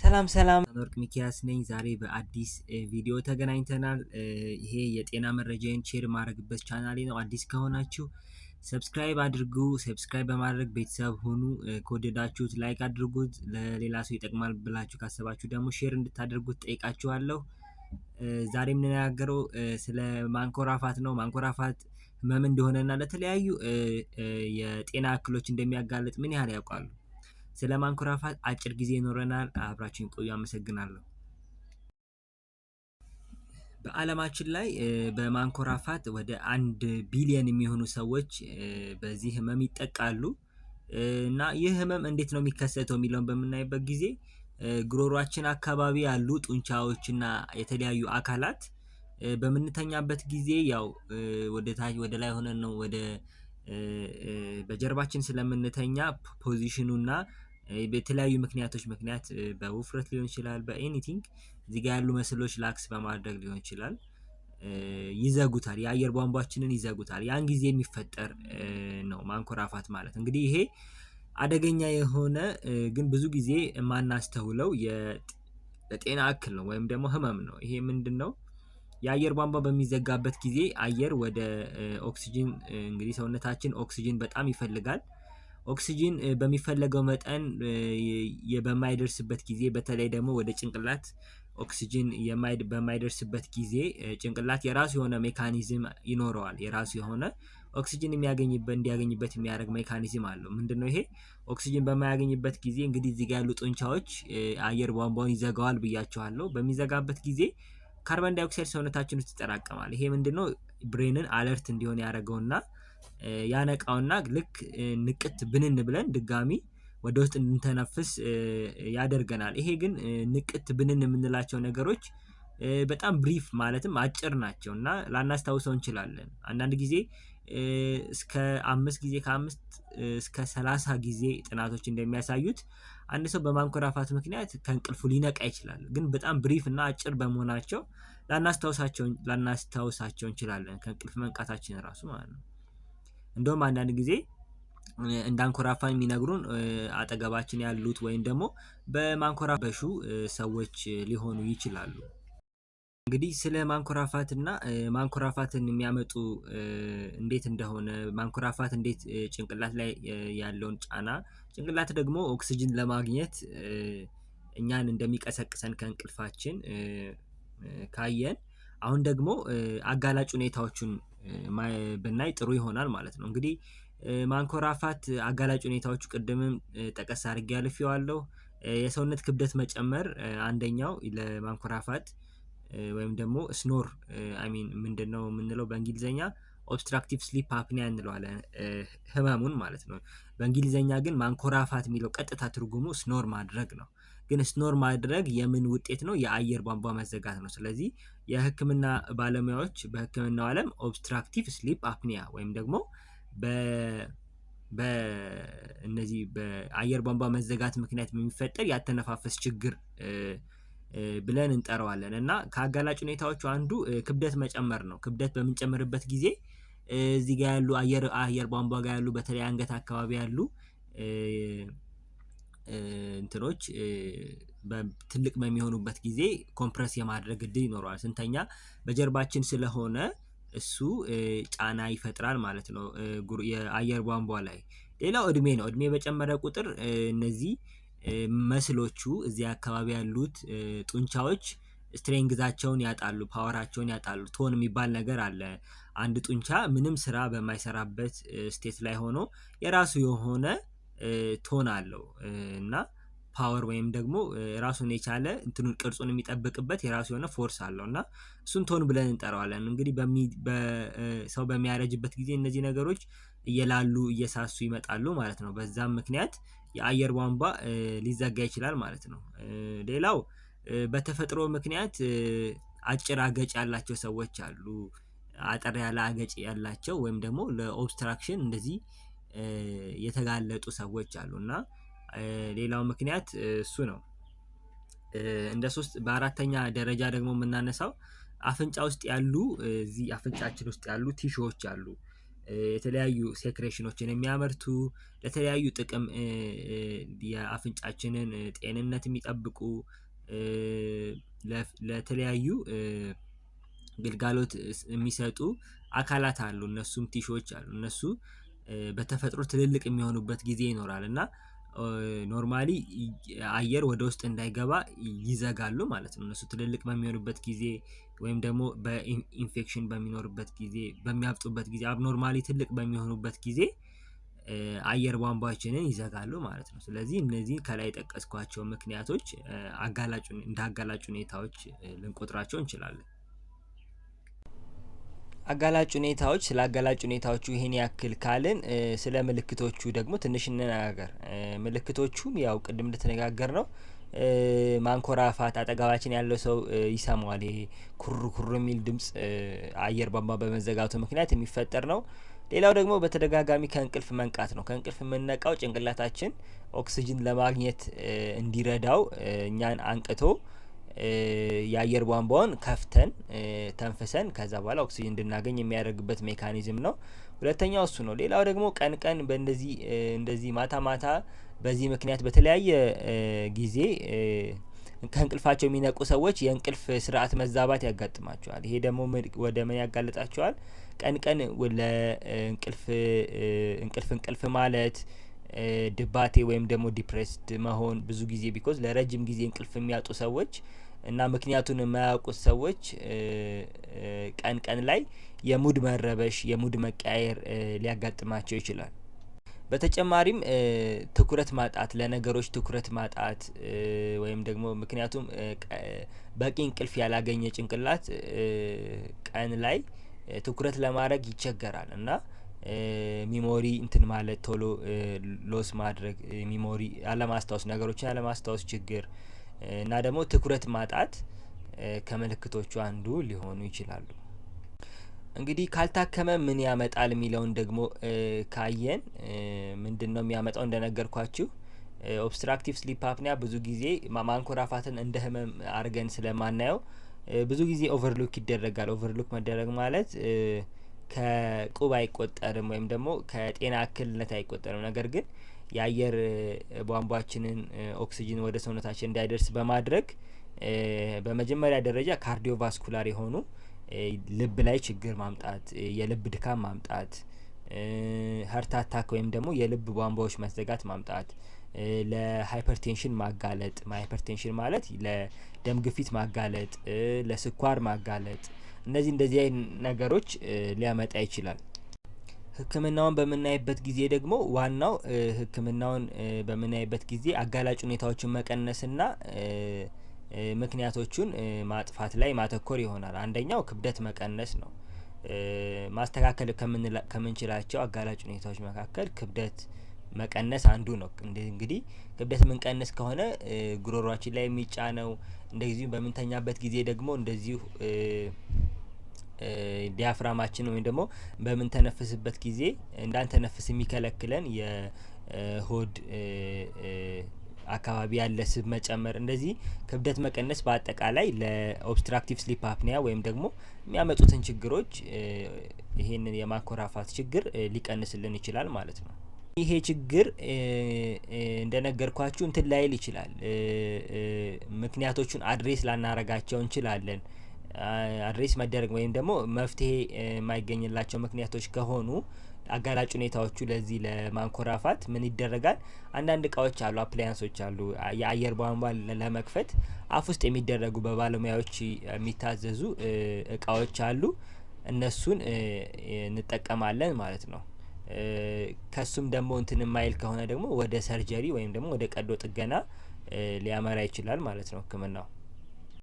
ሰላም ሰላም ወርቅ ሚኪያስ ነኝ። ዛሬ በአዲስ ቪዲዮ ተገናኝተናል። ይሄ የጤና መረጃዬን ሼር ማድረግበት ቻናሌ ነው። አዲስ ከሆናችሁ ሰብስክራይብ አድርጉ። ሰብስክራይብ በማድረግ ቤተሰብ ሁኑ። ከወደዳችሁት ላይክ አድርጉት። ለሌላ ሰው ይጠቅማል ብላችሁ ካሰባችሁ ደግሞ ሼር እንድታደርጉት ጠይቃችኋለሁ። ዛሬ የምንነጋገረው ስለ ማንኮራፋት ነው። ማንኮራፋት ህመም እንደሆነና ለተለያዩ የጤና እክሎች እንደሚያጋልጥ ምን ያህል ያውቃሉ? ስለ ማንኮራፋት አጭር ጊዜ ይኖረናል። አብራችን ቆዩ። አመሰግናለሁ። በዓለማችን ላይ በማንኮራፋት ወደ አንድ ቢሊየን የሚሆኑ ሰዎች በዚህ ህመም ይጠቃሉ እና ይህ ህመም እንዴት ነው የሚከሰተው የሚለውን በምናይበት ጊዜ ጉሮሯችን አካባቢ ያሉ ጡንቻዎችና የተለያዩ አካላት በምንተኛበት ጊዜ ያው ወደ ታች ወደ ላይ ሆነን ነው ወደ በጀርባችን ስለምንተኛ ፖዚሽኑና በተለያዩ ምክንያቶች ምክንያት በውፍረት ሊሆን ይችላል። በኤኒቲንግ እዚህ ጋር ያሉ መስሎች ላክስ በማድረግ ሊሆን ይችላል ይዘጉታል። የአየር ቧንቧችንን ይዘጉታል። ያን ጊዜ የሚፈጠር ነው ማንኮራፋት ማለት እንግዲህ ይሄ አደገኛ የሆነ ግን ብዙ ጊዜ የማናስተውለው የጤና እክል ነው ወይም ደግሞ ህመም ነው። ይሄ ምንድን ነው? የአየር ቧንቧ በሚዘጋበት ጊዜ አየር ወደ ኦክሲጅን እንግዲህ ሰውነታችን ኦክሲጅን በጣም ይፈልጋል ኦክሲጂን በሚፈለገው መጠን በማይደርስበት ጊዜ በተለይ ደግሞ ወደ ጭንቅላት ኦክሲጂን በማይደርስበት ጊዜ ጭንቅላት የራሱ የሆነ ሜካኒዝም ይኖረዋል። የራሱ የሆነ ኦክሲጂን የሚያገኝበት እንዲያገኝበት የሚያደርግ ሜካኒዝም አለው። ምንድነው ይሄ? ኦክሲጂን በማያገኝበት ጊዜ እንግዲህ እዚህ ጋር ያሉ ጡንቻዎች አየር ቧንቧውን ይዘጋዋል ብያቸዋለሁ። በሚዘጋበት ጊዜ ካርበን ዳይኦክሳይድ ሰውነታችን ውስጥ ይጠራቀማል። ይሄ ምንድነው ብሬንን አለርት እንዲሆን ያደረገውና ያነቃውና ልክ ንቅት ብንን ብለን ድጋሚ ወደ ውስጥ እንድንተነፍስ ያደርገናል። ይሄ ግን ንቅት ብንን የምንላቸው ነገሮች በጣም ብሪፍ ማለትም አጭር ናቸው እና ላናስታውሰው እንችላለን። አንዳንድ ጊዜ እስከ አምስት ጊዜ ከአምስት እስከ ሰላሳ ጊዜ ጥናቶች እንደሚያሳዩት አንድ ሰው በማንኮራፋት ምክንያት ከእንቅልፉ ሊነቃ ይችላል። ግን በጣም ብሪፍ እና አጭር በመሆናቸው ላናስታውሳቸው እንችላለን ከእንቅልፍ መንቃታችን ራሱ ማለት ነው እንደውም አንዳንድ ጊዜ እንዳንኮራፋ የሚነግሩን አጠገባችን ያሉት ወይም ደግሞ በማንኮራበሹ ሰዎች ሊሆኑ ይችላሉ። እንግዲህ ስለ ማንኮራፋትና ማንኮራፋትን የሚያመጡ እንዴት እንደሆነ ማንኮራፋት እንዴት ጭንቅላት ላይ ያለውን ጫና ጭንቅላት ደግሞ ኦክስጅን ለማግኘት እኛን እንደሚቀሰቅሰን ከእንቅልፋችን ካየን አሁን ደግሞ አጋላጭ ሁኔታዎቹን ብናይ ጥሩ ይሆናል ማለት ነው። እንግዲህ ማንኮራፋት አጋላጭ ሁኔታዎቹ ቅድምም ጠቀስ አድርጌ አልፌዋለሁ። የሰውነት ክብደት መጨመር አንደኛው ለማንኮራፋት ወይም ደግሞ ስኖር አይ ሚን ምንድነው የምንለው በእንግሊዝኛ ኦብስትራክቲቭ ስሊፕ አፕኒያ እንለዋለን ህመሙን ማለት ነው። በእንግሊዝኛ ግን ማንኮራፋት የሚለው ቀጥታ ትርጉሙ ስኖር ማድረግ ነው። ግን ስኖር ማድረግ የምን ውጤት ነው? የአየር ቧንቧ መዘጋት ነው። ስለዚህ የህክምና ባለሙያዎች በህክምናው ዓለም ኦብስትራክቲቭ ስሊፕ አፕኒያ ወይም ደግሞ በእነዚህ በአየር ቧንቧ መዘጋት ምክንያት የሚፈጠር ያተነፋፈስ ችግር ብለን እንጠራዋለን እና ከአጋላጭ ሁኔታዎቹ አንዱ ክብደት መጨመር ነው። ክብደት በምንጨምርበት ጊዜ እዚህ ጋር ያሉ አየር አየር ቧንቧ ጋር ያሉ በተለይ አንገት አካባቢ ያሉ እንትኖች ትልቅ በሚሆኑበት ጊዜ ኮምፕረስ የማድረግ እድል ይኖረዋል። ስንተኛ በጀርባችን ስለሆነ እሱ ጫና ይፈጥራል ማለት ነው የአየር ቧንቧ ላይ። ሌላው እድሜ ነው። እድሜ በጨመረ ቁጥር እነዚህ መስሎቹ እዚያ አካባቢ ያሉት ጡንቻዎች ስትሬንግዛቸውን ያጣሉ ፓወራቸውን ያጣሉ ቶን የሚባል ነገር አለ አንድ ጡንቻ ምንም ስራ በማይሰራበት ስቴት ላይ ሆኖ የራሱ የሆነ ቶን አለው እና ፓወር ወይም ደግሞ ራሱን የቻለ እንትኑን ቅርጹን የሚጠብቅበት የራሱ የሆነ ፎርስ አለው እና እሱን ቶን ብለን እንጠራዋለን። እንግዲህ ሰው በሚያረጅበት ጊዜ እነዚህ ነገሮች እየላሉ እየሳሱ ይመጣሉ ማለት ነው። በዛም ምክንያት የአየር ቧንቧ ሊዘጋ ይችላል ማለት ነው። ሌላው በተፈጥሮ ምክንያት አጭር አገጭ ያላቸው ሰዎች አሉ። አጠር ያለ አገጭ ያላቸው ወይም ደግሞ ለኦብስትራክሽን እንደዚህ የተጋለጡ ሰዎች አሉ እና ሌላው ምክንያት እሱ ነው። እንደ ሶስት በአራተኛ ደረጃ ደግሞ የምናነሳው አፍንጫ ውስጥ ያሉ እዚህ አፍንጫችን ውስጥ ያሉ ቲሾዎች አሉ። የተለያዩ ሴክሬሽኖችን የሚያመርቱ ለተለያዩ ጥቅም የአፍንጫችንን ጤንነት የሚጠብቁ ለተለያዩ ግልጋሎት የሚሰጡ አካላት አሉ። እነሱም ቲሾዎች አሉ። እነሱ በተፈጥሮ ትልልቅ የሚሆኑበት ጊዜ ይኖራል እና ኖርማሊ አየር ወደ ውስጥ እንዳይገባ ይዘጋሉ ማለት ነው። እነሱ ትልልቅ በሚሆኑበት ጊዜ ወይም ደግሞ በኢንፌክሽን በሚኖርበት ጊዜ በሚያብጡበት ጊዜ አብኖርማሊ ትልቅ በሚሆኑበት ጊዜ አየር ቧንቧችንን ይዘጋሉ ማለት ነው። ስለዚህ እነዚህ ከላይ የጠቀስኳቸው ምክንያቶች እንደ አጋላጭ ሁኔታዎች ልንቆጥራቸው እንችላለን። አጋላጭ ሁኔታዎች ስለ አጋላጭ ሁኔታዎቹ ይህን ያክል ካልን ስለ ምልክቶቹ ደግሞ ትንሽ እንነጋገር። ምልክቶቹም ያው ቅድም እንደተነጋገር ነው ማንኮራፋት፣ አጠገባችን ያለው ሰው ይሰማዋል። ይሄ ኩሩ ኩሩ የሚል ድምጽ አየር ቧንቧ በመዘጋቱ ምክንያት የሚፈጠር ነው። ሌላው ደግሞ በተደጋጋሚ ከእንቅልፍ መንቃት ነው። ከእንቅልፍ የምንነቃው ጭንቅላታችን ኦክስጅን ለማግኘት እንዲረዳው እኛን አንቅቶ የአየር ቧንቧውን ከፍተን ተንፍሰን ከዛ በኋላ ኦክሲጅን እንድናገኝ የሚያደርግበት ሜካኒዝም ነው። ሁለተኛው እሱ ነው። ሌላው ደግሞ ቀን ቀን በእንደዚህ እንደዚህ ማታ ማታ በዚህ ምክንያት በተለያየ ጊዜ ከእንቅልፋቸው የሚነቁ ሰዎች የእንቅልፍ ስርዓት መዛባት ያጋጥማቸዋል። ይሄ ደግሞ ወደ ምን ያጋልጣቸዋል? ቀን ቀን እንቅልፍ እንቅልፍ እንቅልፍ ማለት ድባቴ ወይም ደግሞ ዲፕሬስድ መሆን ብዙ ጊዜ ቢኮዝ ለረጅም ጊዜ እንቅልፍ የሚያጡ ሰዎች እና ምክንያቱን የማያውቁት ሰዎች ቀን ቀን ላይ የሙድ መረበሽ የሙድ መቀያየር ሊያጋጥማቸው ይችላል። በተጨማሪም ትኩረት ማጣት ለነገሮች ትኩረት ማጣት ወይም ደግሞ ምክንያቱም በቂ እንቅልፍ ያላገኘ ጭንቅላት ቀን ላይ ትኩረት ለማድረግ ይቸገራል እና ሚሞሪ እንትን ማለት ቶሎ ሎስ ማድረግ ሚሞሪ አለማስታወስ ነገሮችን አለማስታወስ ችግር እና ደግሞ ትኩረት ማጣት ከምልክቶቹ አንዱ ሊሆኑ ይችላሉ። እንግዲህ ካልታከመ ምን ያመጣል የሚለውን ደግሞ ካየን ምንድነው የሚያመጣው እንደነገርኳችሁ ኦብስትራክቲቭ ስሊፕ አፕኒያ ብዙ ጊዜ ማንኮራፋትን እንደ ህመም አድርገን ስለማናየው ብዙ ጊዜ ኦቨርሎክ ይደረጋል። ኦቨርሎክ መደረግ ማለት ከቁብ አይቆጠርም ወይም ደግሞ ከጤና እክልነት አይቆጠርም። ነገር ግን የአየር ቧንቧችንን ኦክሲጅን ወደ ሰውነታችን እንዳይደርስ በማድረግ በመጀመሪያ ደረጃ ካርዲዮቫስኩላር የሆኑ ልብ ላይ ችግር ማምጣት፣ የልብ ድካም ማምጣት፣ ሀርት አታክ ወይም ደግሞ የልብ ቧንቧዎች መዘጋት ማምጣት ለሃይፐርቴንሽን ማጋለጥ ሃይፐርቴንሽን ማለት ለደም ግፊት ማጋለጥ ለስኳር ማጋለጥ እነዚህ እንደዚህ አይነት ነገሮች ሊያመጣ ይችላል። ህክምናውን በምናይበት ጊዜ ደግሞ ዋናው ህክምናውን በምናይበት ጊዜ አጋላጭ ሁኔታዎችን መቀነስና ምክንያቶቹን ማጥፋት ላይ ማተኮር ይሆናል። አንደኛው ክብደት መቀነስ ነው። ማስተካከል ከምንችላቸው አጋላጭ ሁኔታዎች መካከል ክብደት መቀነስ አንዱ ነው። እንግዲህ ክብደት ምንቀንስ ከሆነ ጉሮሮአችን ላይ የሚጫነው እንደዚሁም በምንተኛበት ጊዜ ደግሞ እንደዚሁ ዲያፍራማችን ወይም ደግሞ በምንተነፍስበት ጊዜ እንዳንተነፍስ የሚከለክለን የሆድ አካባቢ ያለ ስብ መጨመር እንደዚህ ክብደት መቀነስ በአጠቃላይ ለኦብስትራክቲቭ ስሊፕ አፕኒያ ወይም ደግሞ የሚያመጡትን ችግሮች ይህንን የማኮራፋት ችግር ሊቀንስልን ይችላል ማለት ነው። ይሄ ችግር እንደነገርኳችሁ እንትን ላይል ይችላል። ምክንያቶቹን አድሬስ ላናረጋቸው እንችላለን። አድሬስ መደረግ ወይም ደግሞ መፍትሄ የማይገኝላቸው ምክንያቶች ከሆኑ አጋላጭ ሁኔታዎቹ ለዚህ ለማንኮራፋት ምን ይደረጋል? አንዳንድ እቃዎች አሉ፣ አፕላያንሶች አሉ። የአየር ቧንቧ ለመክፈት አፍ ውስጥ የሚደረጉ በባለሙያዎች የሚታዘዙ እቃዎች አሉ። እነሱን እንጠቀማለን ማለት ነው። ከሱም ደግሞ እንትን ማይል ከሆነ ደግሞ ወደ ሰርጀሪ ወይም ደግሞ ወደ ቀዶ ጥገና ሊያመራ ይችላል ማለት ነው ህክምናው